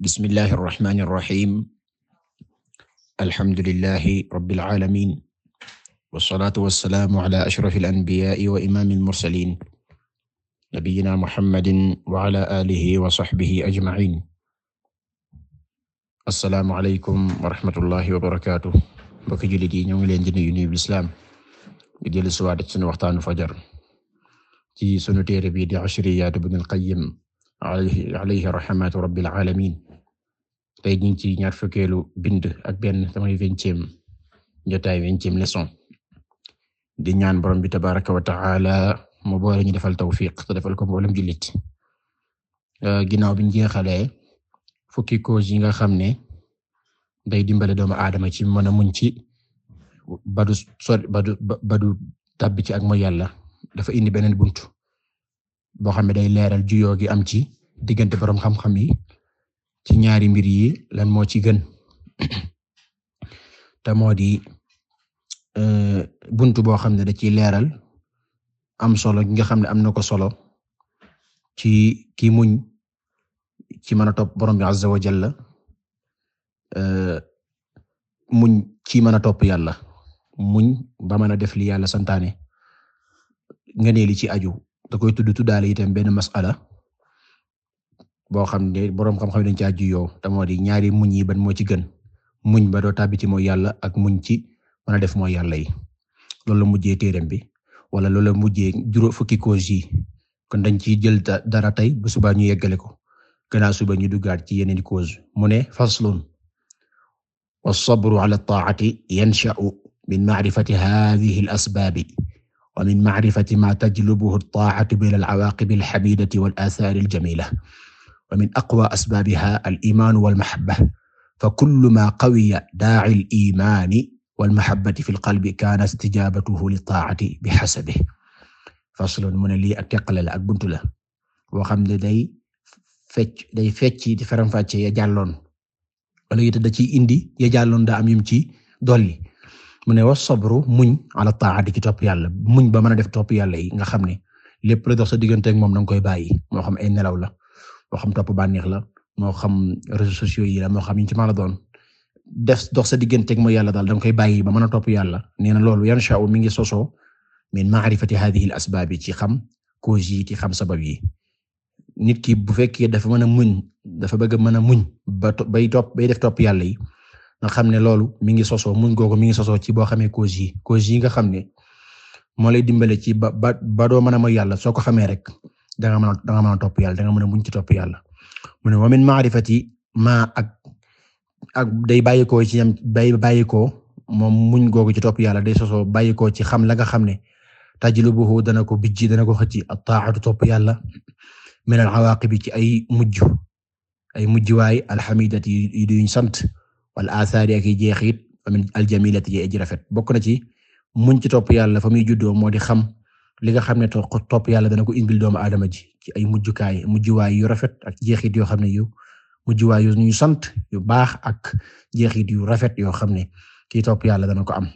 bismillahi irrahmani irrahim alhamdulilahi rabbil alamin wasalaatu wasalaamu ala ashrafil wa imaamil mursaliin nabiyyina muhammadin wa ala aalihi wa sahbihi ajma'iin assalaamu aleykum wa rahmatullahi wa barakaatuh mbokk jullit yi ñoo ngi leen di nuyu sunu waxtaanu fajar ci sunu téere bi di ashriyaat ibn al alayhi alayhi rahmatu rabbil alamin tey ñu ngi ci ñaar fukkeelu bind ak benn tamay vingtième jotaay vingtième leçon di ñaan borom bi tabaraka wa taala mu boole ñu defal tawfiq te defal ko mboolem jullit euh, ginnaaw biñ ñu jeexalee fukki cause yi nga xam ne day dimbale doomu aadama ci mën a muñ ci badu sori badu badu tàbbi ci ak mooy yàlla dafa indi beneen bunt boo xam ne day leeral juyoo gi am ci diggante borom xam-xam yi ci ñaari mbir yi lan moo ci gën te moo di euh, buntu boo xam ne da ciy leeral am solo gi nga xam ne am na ko solo ci ki muñ ci mën a topp borom bi azza wa jalla euh, muñ ci mën a topp yàlla muñ ba mën a def li yàlla santaane nga ne ci aju. da koy tudd tuddaale itam benn masala boo xam ne boroom xam-xam dañ caa juyoo te moo di ñaari muñ yi ban moo ci gën muñ ba doo tàbbi ci mooy yàlla ak muñ ci mën a def mooy yàlla yi loolu la mujjee téeram bi wala loolu la mujjee juróom fukki cause yi kon dañ ciy jël dara tey bu subaa ñu yeggale ko gannaaw suba ñu duggaat ci yeneen cause mu ne faslun was-sabru ala at-ta'ati yansha'u min ma'rifati hadhihi al-asbaabi wa min ma'rifati ma tajlubuhu at-ta'atu ila al-'awaqib al-hamidati wal-athar al-jamila wa min aqwa asbabiha al-iman wal-mahabba fa kullu ma qawiya da'i al-iman wal-mahabbati fi al-qalbi kana istijabatuhu li-ta'ati bihasabihi faslun mu ne lii ak teqale la ak buntu la boo xam ne day fecc day fecc di faram-fàccee ya jàlloon wala it da ciy indi ya jàlloon daa am yum ci dolli mu ne wa sabru muñ ala taa'ati ci topp yàlla muñ ba mën a def topp yàlla yi nga xam ne lépp la dox sa diggante moom danga koy bàyyi moo xam ay nelaw la moo xam topp bànneex la moo xam réseaux sociaux yi la moo xam yi ci ma la doon def dox sa diggante ak mooy yàlla daal danga koy bàyyi ba mën a topp yàlla nee loolu loolu yansha'u mi ngi sosoo min ma'rifati hadhihi al-asbaab ci xam cause yi ci xam sabab yi nit ki bu fekkee dafa man a muñ dafa bëgg mën a muñ ba bay topp bay def topp yàlla yi nga xam ne loolu mi ngi sosoo muñ googu mi ngi sosoo ci boo xamee cause yi cause yi nga xam ne moo lay dimbale ci ba ba ba doo mën a mooy yàlla soo ko xamee rek da nga mën a da nga mën topp yàlla da nga mën muñ ci topp yàlla mu ne wa min ma'rifati ma ak ak day bàyyikoo ci yam bay bàyyikoo moom muñ googu ci topp yàlla day sosoo bàyyikoo ci xam la nga xam ne tajlubuhu dana ko bijji dana ko xëcc at-ta'atu topp yàlla min al-awaaqibi ci ay mujj ay mujj waay alhamidati yuñ sant wal asaari ak i jeexit amin aljamilati ji aji rafet bokk na ci muñ ci topp yàlla fa muy juddoo moo di xam li nga xam ne topp yàlla dana ko indil doomu aadama ji ci ay mujjukaay mujjuwaay yu rafet ak jeexit yoo xam ne yu mujjuwaay yu ñu sant yu baax ak jeexit yu rafet yoo xam ne kii topp yàlla dana ko am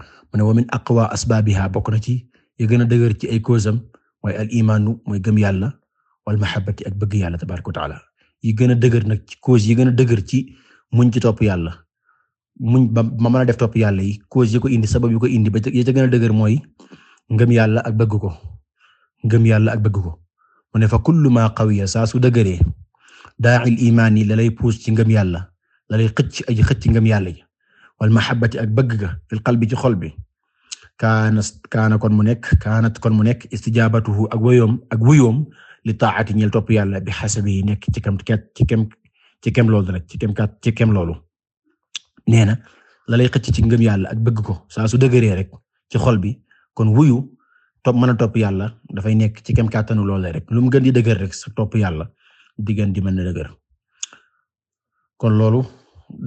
mu ne wa min aqwa asbaabiha bokk na ci yu gën a dëgër ci ay cause am mooy al mooy gëm yàlla wal mahabbati ak bëgg yàlla tabaaraka wa taala yi yi gën a dëgër ci muñ ci topp yàlla muñ ba ma mën def topp yàlla yi cause ko indi sabab yi ko indi ba yi ca gën a dëgër mooy ngëm yàlla ak bëgg ko ngëm yàlla ak bëgg ko mu ne fa kullu ma qawiya saa su dëgëree daa'il imaan yi la lay ci ngëm yàlla la lay xëcc aji xëcc ngëm yàlla yi wal mahabbati ak bëgg ga fil qalbi ci xol bi kaana kaana kon mu nekk kaanat kon mu nekk istijaabatuhu ak woyoom ak wuyoom li taa'ati ñeel topp yàlla bi xasabi nekk ci kam ci kam ci kem loolu rek ci kem ci kem loolu nee na la xëcc ci ngëm yàlla ak bëgg ko saa su dëgëree rek ci xol bi kon wuyu topp mën a topp yàlla dafay nekk ci kem kàttanu loolu rek lu mu gën di dëgër rek su topp yàlla di di mën a dëgër loolu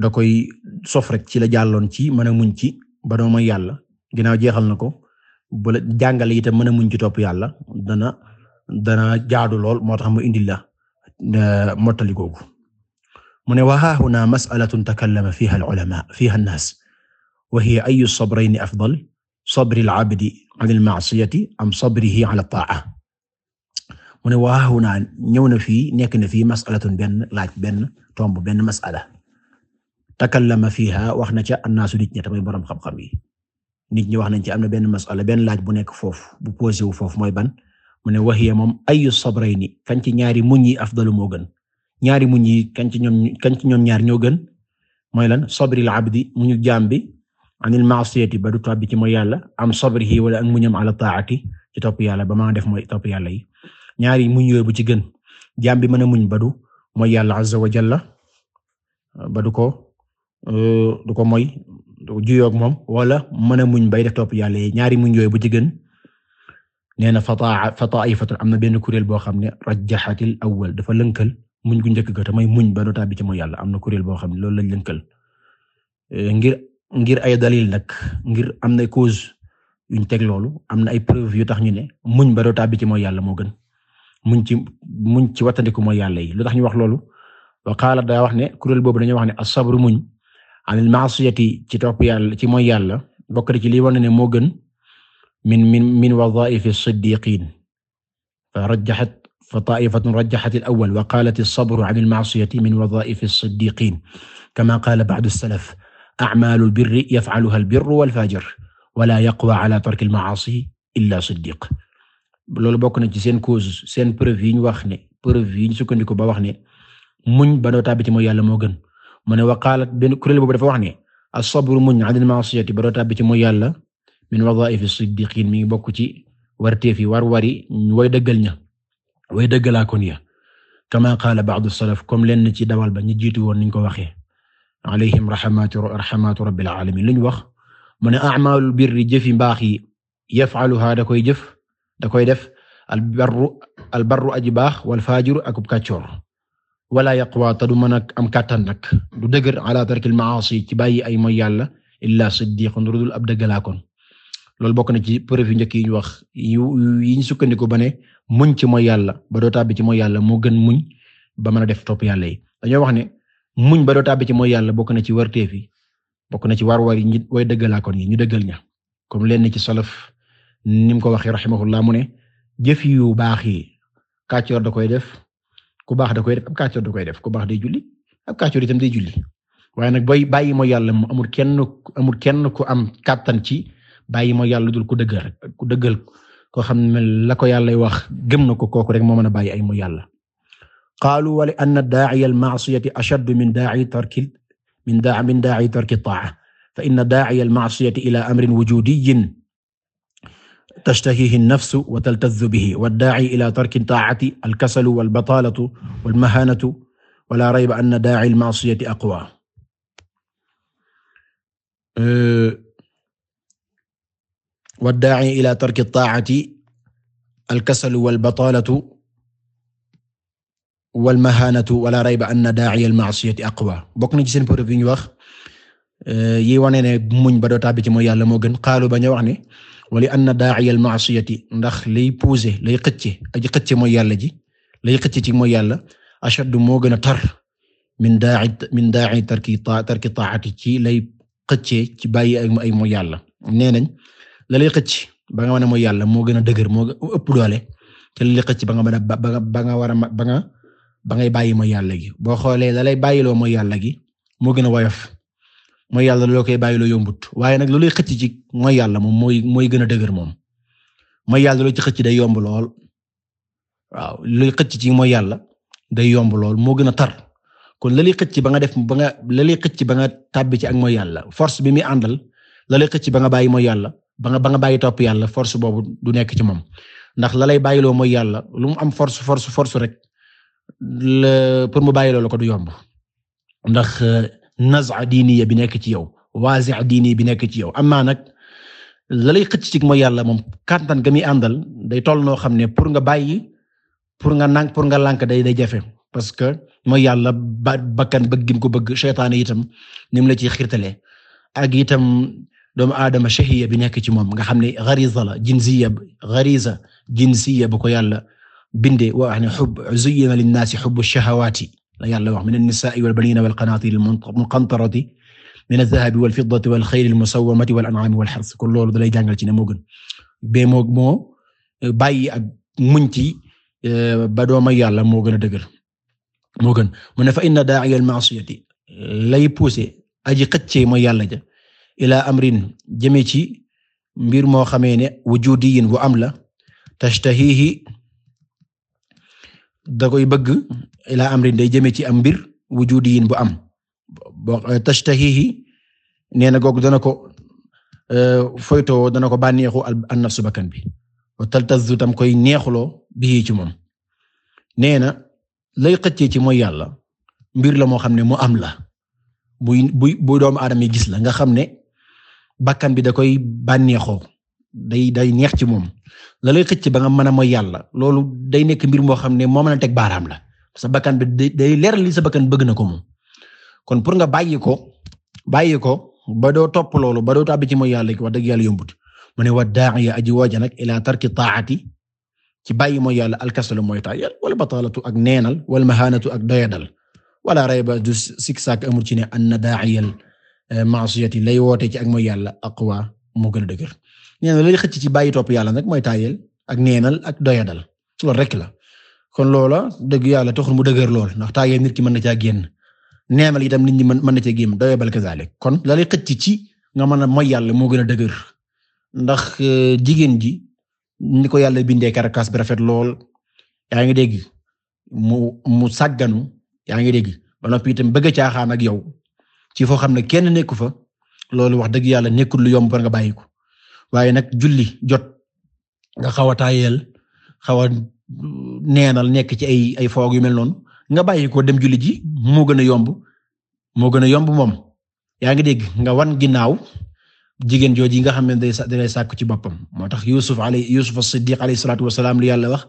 da koy sof rek ci la jàlloon ci mën a muñ ci ba doo yàlla ginnaaw jeexal na ko bu la itam mën a muñ ci topp yàlla dana dana jaadu lool moo tax mu indi la eh, mottali googu mu ne waxa huna mas'alatun takallama fiha al-ulama fiha an-nas wa hiya ayyu as-sabrayni afdal sabru al-'abdi 'ala al-ma'siyati am sabruhu 'ala at-ta'a mu ne waxa huna ñëw na fii nekk na fii mas'alatun benn laaj benn tomb benn mas'ala takallama fiha wax na ca annaasu nit ñi tamay borom xam-xam yi nit ñi wax nañ ci am na benn masala benn laaj bu nekk foofu bu posé wu foofu mooy ban mu ne waxiya moom ayu sabrayni kan ci ñaari muñ yi afdalu moo gën ñaari muñ yi kañci ci ñoom kan ci ñaar ñoo gën mooy lan sabril abdi muñu jaam bi anil ma'siyati ba du tàbbi ci mooy yàlla am sabrihi wala ak muñam ala ta'ati ci top yàlla ba maa def mooy topp yàlla yi ñaari muñ yooyu bu ci gën jaam bi mën muñ ba mooy yàlla azza wa jalla ba ko euh, du ko mooy juyoog moom wala mën a muñ bay def topp yàlla yi ñaari muñ yooyu bu ci gën nee na fa ta'ifatun am na benn kuréel boo xam ne rajjahatil awwal dafa lënkal muñ gu njëkk ga te mooy muñ ba doota bi ci mooy yàlla am na kuréel boo xam ne loolu lañ lënkal eh, ngir ngir ay dalil nag ngir am na cause yuñ teg loolu am na ay preuve yu tax ñu ne muñ ba doota bi ci mooy yàlla moo gën muñ ci muñ ci wattandiku mooy yàlla yi lu tax ñu wax loolu wa daa wax ne kuréel boobu dañoo wax ne as-sabru muñ anil ma'siyati ci top yàlla ci mooy yàlla bokk na ci li wane ne moo gën min min min wadaa'ifi as-siddiqiin fa rajjahat فطائفة رجحت الأول وقالت الصبر عن المعصية من وظائف الصديقين كما قال بعض السلف أعمال البر يفعلها البر والفاجر ولا يقوى على ترك المعاصي إلا صديق loolu bokk na ci seen cause seen preuve yi ñu wax ne preuve yi ñu sukkandiku ba wax ne muñ ba doo tàbbi ci mooy yàlla moo gën mu ne waqaalat benn kuréel boobu dafa wax ne as-sabru muñ an al-ma'siyati ba doo tàbbi ci mooy yàlla min wadaa'ifi as-siddiqiin mi ngi bokk ci warteef yi war wari way dëggal ña way dëggalaa kon ya kama qaala ba'du salaf comme lenn ci dawal ba ñu jiitu woon niñ ko waxee alayhim rahmatu rahmatu rabbil alamin luñ wax mu ne a'maalul birri jëfi mbaax yi yaf'aluha da koy jëf da koy def albarru albarru aji baax wal faajiru akub kàccoor wala yaqwa te du mën a am kàttan nag du dëgër ala tarkil maasi ci bàyyi ay moy yàlla illa siddiqun rudul ab dëggalaa kon loolu bokk na ci preuve yu njëkk yi ñu wax yu yi ñu sukkandiku ba ne muñ ci mooy yàlla ba doo tàbbi ci mooy yàlla moo gën muñ ba mën a def top yàlla yi dañoo wax ne muñ ba doo tàbbi ci mooy yàlla bokk na ci warteef yi bokk na ci war-war yi ñi way dëggalaakoon yi ñu degal ña comme lenn ci solof ni mu ko waxee rahimahullah mu ne jëf yu baax yi kàccoor da koy def ku baax da koy def ab koy def ku baax day julli ab kàccoor itam day julli waaye nag bay bàyyi mooy yàlla mu amul kenn amul kenn ku am kàttan ci bàyyi mooy yàlla dul ku dëggal koo xam ne la ko yàlla wax gëm na ko kooku rek moo mën a bàyyi ay mu yàlla qaalu wa li anna daa'iya al-ma'siyati ashaddu min daa'i tarki min daa'i min daa'i tarki at-taa'a fa inna daa'iya al-ma'siyati ila amrin wujudiyyin tashtahihi an-nafsu wa taltazzu bihi wad-daa'i ila tarki at-taa'ati al-kasalu wal-bataalatu wal-mahaanatu wa laa rayba anna daa'i al-ma'siyati aqwa waddaa'i ila tarki taa'ati alkasalu walbataalatu walmahaanatu wala rayba anna daa'iya alma'siyati aqwa bokk na ci seen preuve yi ñu wax yi wane ne muñ ba doo tàbbi ci mooy yàlla moo gën xaalu ba ñu wax ne wali anna daa'iya alma'siyati ndax lay puuse lay xëcce aji xëcce mooy yàlla ji lay xëcce ci mooy yàlla ashaddu moo gën a tar min daa'i min daa'i tarki tarki taa'ati ci lay xëcce ci bàyyi ay mooy yàlla nee nañ la xëcc ba nga mën mooy yàlla moo gën a dëgër moo ëpp doole te la lay xëcc ba nga mën a ba nga ba nga war a ba nga ba ngay bàyyi mooy yàlla gi boo xoolee la bàyyiloo mooy yàlla gi moo gën a woyof mooy yàlla loo koy bàyyiloo yombut waaye nag lu xëcc ci mooy yàlla moom mooy mooy gën a dëgër moom mooy yàlla loo ci xëcc day yomb lool waaw luy xëcc ci mooy yàlla day yomb lool moo gën a tar kon la lay xëcc ba nga def ba nga la lay xëcc ba nga tàbbi ci ak mooy yàlla force bi muy àndal la lay xëcc ba nga bàyyi mooy yàlla ba nga ba nga bàyyi topp yàlla force boobu du nekk ci moom ndax la lay bàyyiloo mooy yàlla lu mu am force force force rek la pour mu bàyyiloo la ko du yomb ndax euh, naza diiniya bi nekk ci yow waasi diini bi nekk ci yow amaa nag la lay xëcc ci mooy yàlla moom kàttan ga mi àndal day tol noo xam ne pour nga bàyyi pour nga nànk pour nga lànk day day jafe parce que mooy yàlla ba bakkan bëgg gim ko bëgg seytaane itam ni la ciy xiirtalee ak itam doomu aadama shahiya bi nekk ci moom nga xam ne ghariza la jinsiya ghariza jinsiya bu ko yàlla binde wax ne hub zuyyina linnaasi hubbu shahawaati la yàlla wax min an-nisaa'i wal baniina wal qanaatiiri al-muqantarati min adh-dhahabi wal fiddati wal xayli al-musawwamati wal an'aami wal hirs kon loolu dalay jàngal ci ne moo gën bee moo moo eh, bàyyi ak muñ ci eh, ba dooma yàlla moo gën a dëgër moo gën mu ne fa inna daa'iya al-ma'siyati lay poussé aji xëccee mooy yàlla ja ilaa amrin jëme ci mbir moo xamee ne wujudiyin bu am la tashtahihi da koy bëgg ilaa amrin day jëme ci am mbir wujudiyin bu am eh, tashtahihi nee na googu dana ko eh, foytoo dana ko bànneexu an nafsu bakkan bi wa taltazu tam koy neexuloo bii ci moom na lay xëccee ci mooy yàlla mbir la moo xam ne mu am la buy bu doomu aadama yi gis la nga xam ne bakkan bi da koy bànneexoo day day neex ci moom la lay xëcc ba nga mën a mooy yàlla loolu day nekk mbir moo xam ne moom mën a teg baaraam la sa bakkan bi day leer li sa bakkan bëgg na ko moom kon pour nga bàyyi ko bàyyi ko ba doo topp loolu ba doo tàbbi ci mooy yàlla wax dëgg yàlla yombut mu ne wa daa'iya aji wooja nag ila tarki taa'ati ci bàyyi mooy yàlla alkasalu mooy taayal wala bataalatu ak neenal wala mahaanatu ak doyadal wala rayba du siksak amul ci ne anna daa'iyal Eh, maasiyati lay woote ci ak mooy yàlla aqwa moo gën a dëgër xëcc ci bàyyi topp yàlla nag mooy tayel ak neenal ak doyadal loolu rek la kon loola dëgg yàlla taxul mu dëgër lool ndax tayel nit ki mën na caa génn neenal itam nit ñi mën mën na caa génn doyabal kazaalik kon la lay xëcc ci nga mën a mooy yàlla moo gën a dëgër ndax eh, jigéen ji ni ko yàlla bindee karakaas bi rafet lool yaa ngi dégg mu mu sàgganu yaa ngi dégg ba noppi itam bëgg caaxaan ak yow ci foo xam ne kenn nekku fa loolu wax dëgg yàlla nekkul lu yomb war nga bàyyi ko waaye nag julli jot nga xaw a taayal xaw a mm, neenal nekk ci ay ay foog yu mel noonu nga bàyyi ko dem julli ji moo gën a yomb moo gën a yomb moom. yaa ngi dégg nga wan ginnaaw jigéen jooji nga xam ne day sa day ci boppam moo tax Yusuf alayhi Yusuf as-Siddiq alayhi salaatu lu yàlla wax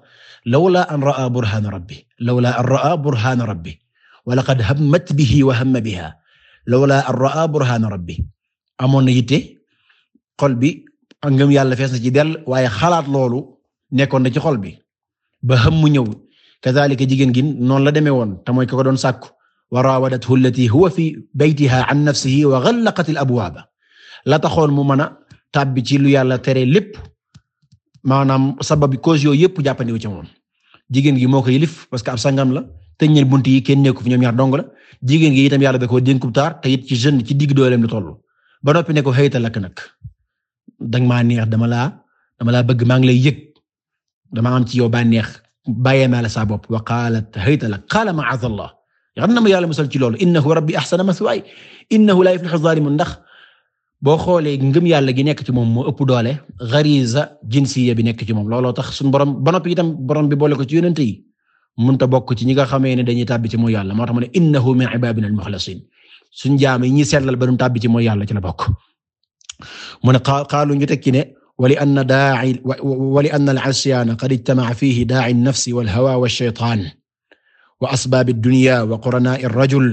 lawla an ra'a burhana rabbi lawla an ra'a burhana rabbi wa laqad hammat bihi wa hamma biha lawla an ra'a burhana rabbi amoon na yitte xol bi ngëm yàlla fees na ci dell waaye xalaat loolu nekkoon na ci xol bi ba xam mu ñëw kazalika jigéen gi noonu la demee woon te mooy ko doon sàkku wa rawadathu allati huwa fi baytiha an nafsihi wa ghallaqat al abwaaba la taxoon mu mën a tàbbi ci lu yàlla tere lépp maanaam sababi cause yooyu yëpp jàppandiku ci moom jigéen gi moo ko yilif parce que ab sangam la tëj buntu yi kenn nekku fi ñoom ñaar dong la jigéen gi itam yàlla da koo dénkub taar te it ci jeune ci digg dooleem la toll ba noppi ne ko xëyta lakk nag danga maa neex dama laa dama laa bëgg maa ngi lay yëg dama am ci yow baa neex bàyyee naa la saa bopp wa qaalat xëyta lak ma ma'aazallah yàlla na ma yàlla musal ci loolu innahu rabbi ahsana maswaay innahu laa yuflixu zaalimuun ndax boo xoolee ngëm yàlla gi nekk ci moom moo ëpp doole gariza jinsiya bi nekk ci moom looloo tax suñu borom ba noppi itam borom bi boole ko ci yonente yi mënta bokk ci ñi nga xamee ne dañuy tàbbi ci mooy yàlla moo tax mu ne innahu min ibadina al-mukhlasin suñ jaam yi ñi sellal ba ñu tàbbi ci mooy yàlla ci la bokk mu ne qaalu ñu tekki ne wa li anna daa'i wa li anna al-'asyaana qad ijtama'a fiihi daa'i an-nafsi wal-hawa wash-shaytaan wa asbaabi ad-dunya wa quranaa'i ar-rajul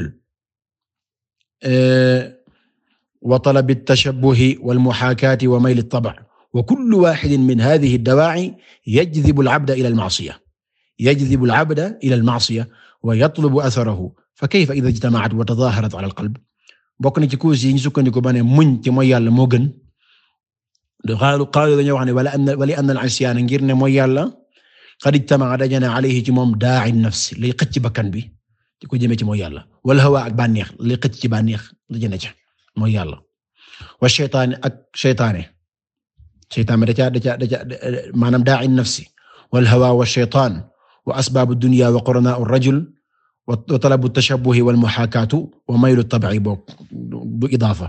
wa talabi at-tashabbuhi wal-muhaakaati wa mayli at-tab' wa kullu waahidin min haadhihi ad-dawaa'i yajdibu al-'abda ila al-ma'siyah يجذب العبد إلى المعصية ويطلب أثره فكيف إذا اجتمعت وتظاهرت على القلب bokk na ci cause yi ñu sukkandiku ba ne muñ ci mooy yàlla moo gën xaalu xaalu dañoo wax ne wala an wali an al-isyaan ngir ne mooy yàlla qad ijtama'a dajana alayhi ci moom daa'i nafs lay xëcc bakkan bi di ko jëmee ci mooy yàlla wal hawa ak bànneex lay xëcc ci bànneex la jëne ca mooy yàlla wa shaytaan ak shaytaane shaytaan da ca da ca da ca maanaam daa'i nafsi wal hawa wa shaytaan wa asbaabu dunya wa quranaa'u rajul wa talabu tashabbuhi wal muhaakaatu wa maylu tab'i boog du idaafa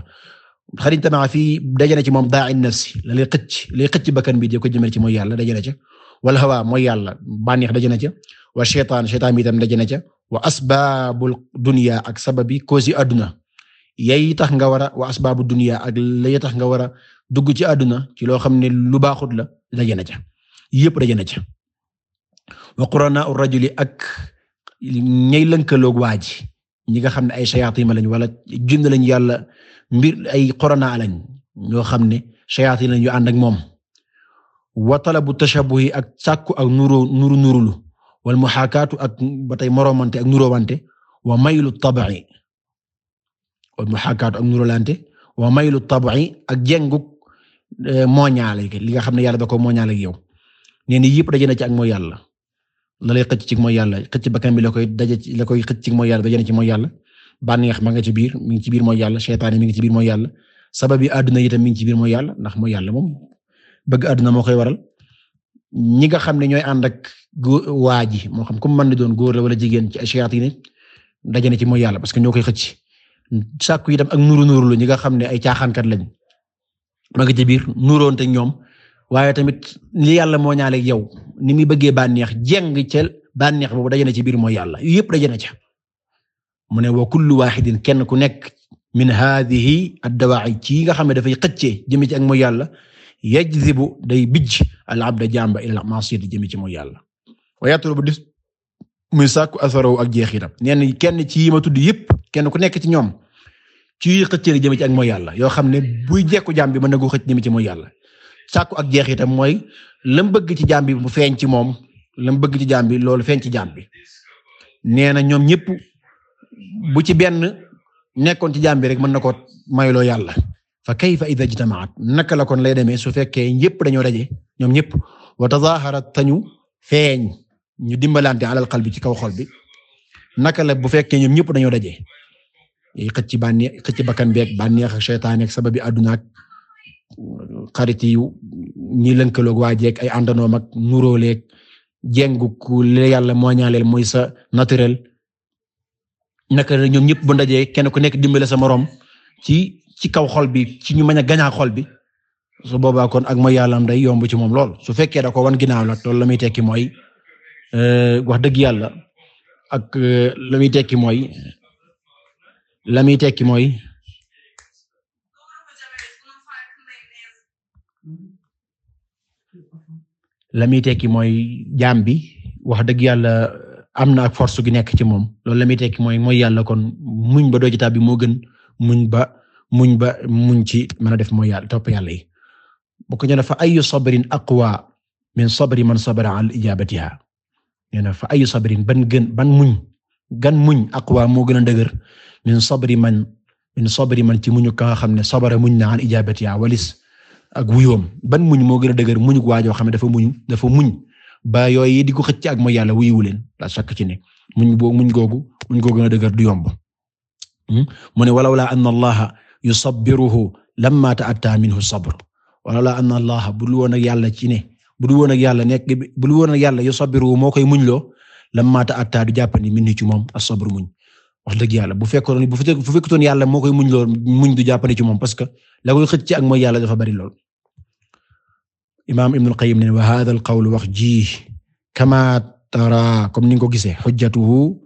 xaritama fii dajale ci moom daa'i nafsi la lay xëcc lay xëcc bakkan bi di ko jëmale ci mooy yàlla dajale ca wal hawa mooy yàlla bànneex dajale ca wa shaytaan shaytaan bi itam dajale ca wa asbaabul dunya ak sababi cause yi àdduna yay tax nga war a wa asbaabu dunya ak lay tax nga war a dugg ci àdduna ci loo xam ne lu baaxut la dajale ca yëpp dajale ca wa quranaa ar-rajuli ak ñay lënkaloog waa ji ñi nga xam ne ay shayatin lañ wala jinn lañ yàlla mbir ay quranaa lañ ñoo xam ne shayatin lañ yu ànd ak moom wa talabu tashabuhi ak sàkku ak nuru nuru nurulu wal muhaakaatu ak ba tey moromante ak nuroowante wa maylu tabai wal muhaakaatu ak nurolante wa maylu tabai ak jenguk eh, mooñaale li nga xam ne yàlla da ko mooñaale yow nee na yëpp daje na ci ak mooy yàlla la lay xëcc ci mooy yàlla xëcc bakkan bi la koy daje ci la koy xëcc ci mooy yàlla dajale ci mooy yàlla bànneex ma nga ci biir mi ngi ci yàlla seytaane mi ngi ci biir yàlla ndax mooy yàlla moom bëgg àdduna moo koy waral ñi nga xam ne ñooy ànd ak góor waa ji moo xam comme man na doon góor la wala jigéen ci seytaane daje na ci mooy yàlla parce que ñoo koy xëcc sàkku itam ak nuru nuru lu ñi nga xam ne ay caaxaankat lañ ma ñoom waaye tamit li yàlla moo ñaale yow ni muy bëggee bànneex jeng cel bànneex boobu daje na ci biir mooy yàlla yëpp daje na ca mu ne wa kullu waxidin kenn ku nekk min haadihi addawaa'i ci nga xam ne dafay xëccee jëme ci mooy yàlla yajzibu day bijj al abda jàmba ila masiyati jëme ci mooy yàlla wa yatlubu dis muy sàkku asaraw ak jeexitam neen kenn ci yi ma tudd yëpp kenn ku nekk ci ñoom ci xëccee jëme ci ak mooy yàlla yoo xam ne buy jekku jàmm bi mën na ko xëcc ci mooy yàlla sàkku ak jeex itam mooy lam bëgg ci jaam bi mu feeñ ci moom lam bëgg ci jaam bi loolu feeñ ci jaam bi nee na ñoom ñëpp bu ci benn nekkoon ci jàmbi rek mën na ko mayloo yàlla fa kayfa idha ijtamaat naka la kon lay demee su fekkee ñëpp dañoo daje ñoom ñëpp wa tazaaharat tañu feeñ ñu dimbalante alal qalbi ci kaw xool bi naka la bu fekkee ñoom ñëpp dañoo daje xëcc bànneex xëcc bakkan beeg bànneex ak seytaane ak sababi àdduna xarit yi ñi lëkkaloog waa jeeg ay àndanoom ak nuróoleeg lee ku li yàlla moo ñaaleel mooy sa naturel naka ñoom ñëpp bu ndajee kenn ku nekk dimbale sa moroom ci ci kaw xol bi ci ñu mën a gañaa xol bi su boobaa kon ak mooy yàlla am day yomb ci moom lool su fekkee dako ko wan ginnaaw la loolu la muy tekki mooy euh, wax dëgg yàlla ak euh, la muy tekki mooy la muy mooy. la muy tekki mooy jaam bi wax dëgg yàlla am na ak force gi nekk ci moom loolu la muy tekki mooy mooy yàlla kon muñ ba doo ci moo gën muñ ba muñ ba muñ ci mën a def mooy yàlla topp yàlla yi bu ko ñëwee fa ayu sabrin aqwa min sabri man sabara al ijabatiha nee na fa ayu sabrin ban gën ban gan muñ aqwa moo gën a dëgër min sabri man min sabri man ci muñu ka nga xam ne sabara muñ na an ijabatiha walis ak wuyuwam ban muñ moo gën a dëgër muñ waa joo xam ne dafa muñ dafa muñ ba yooyu di ko xëcc ak mooy yàlla wuyuwu leen a sakk ci ne muñ boo muñ googu muñ googu gën a dëgër du yomb hmm? mu ne walawla anna allaha yusabbiruhu lamma ta'atta minhu ta walawla anna allaha budul woon ak yàlla ci ne budul woon ak yàlla nekk budul woon ak yàlla yusabbiruhu moo koy muñ loo lamma ta'atta du jàppandi minhu ci moom a sabr muñ wax dëgg yàlla bu fekkoon bu fekkoon yàlla moo koy muñ loo muñ du jàppandi ci moom parce que la koy xëcc ak mooy yàlla dafa bari lool imaam Ibnul Qayyim ne wa haadhal qawlu wax ji kama tara comme ni nga ko gisee hujjatuhu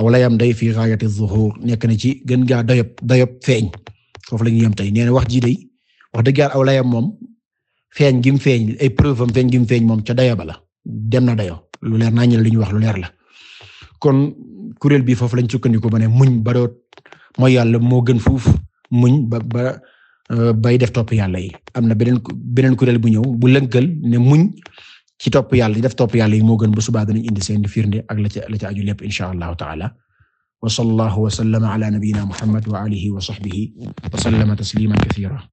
aw layam day fi ghaayati zuhuur nekk na ci gën gaa dayob dayob feeñ foofu la ñuy yem tey nee wax ji day wax dëgg yàlla aw layam moom feeñ gim feeñ ay preuve am gim feeñ moom ca dayo ba la dem na dayo lu leer naa ñu li ñu wax lu leer la kon kuréel bi foofu lañ sukkandiku ba ne muñ ba doot mooy yàlla moo gën fuuf muñ ba ba Euh, bay def topp yàlla yi am na beneen beneen kuréel bu ñëw bu lënkal ne muñ ci top yàlla di def topp yàlla yi moo gën bu subaa danañ indi seen firnde ak la ca la ca aju lépp insha allahu taala wa sallallahu wa sallama ala nabiyyina muhammad wa alihi wa sahbihi wa sallama tasliman kathira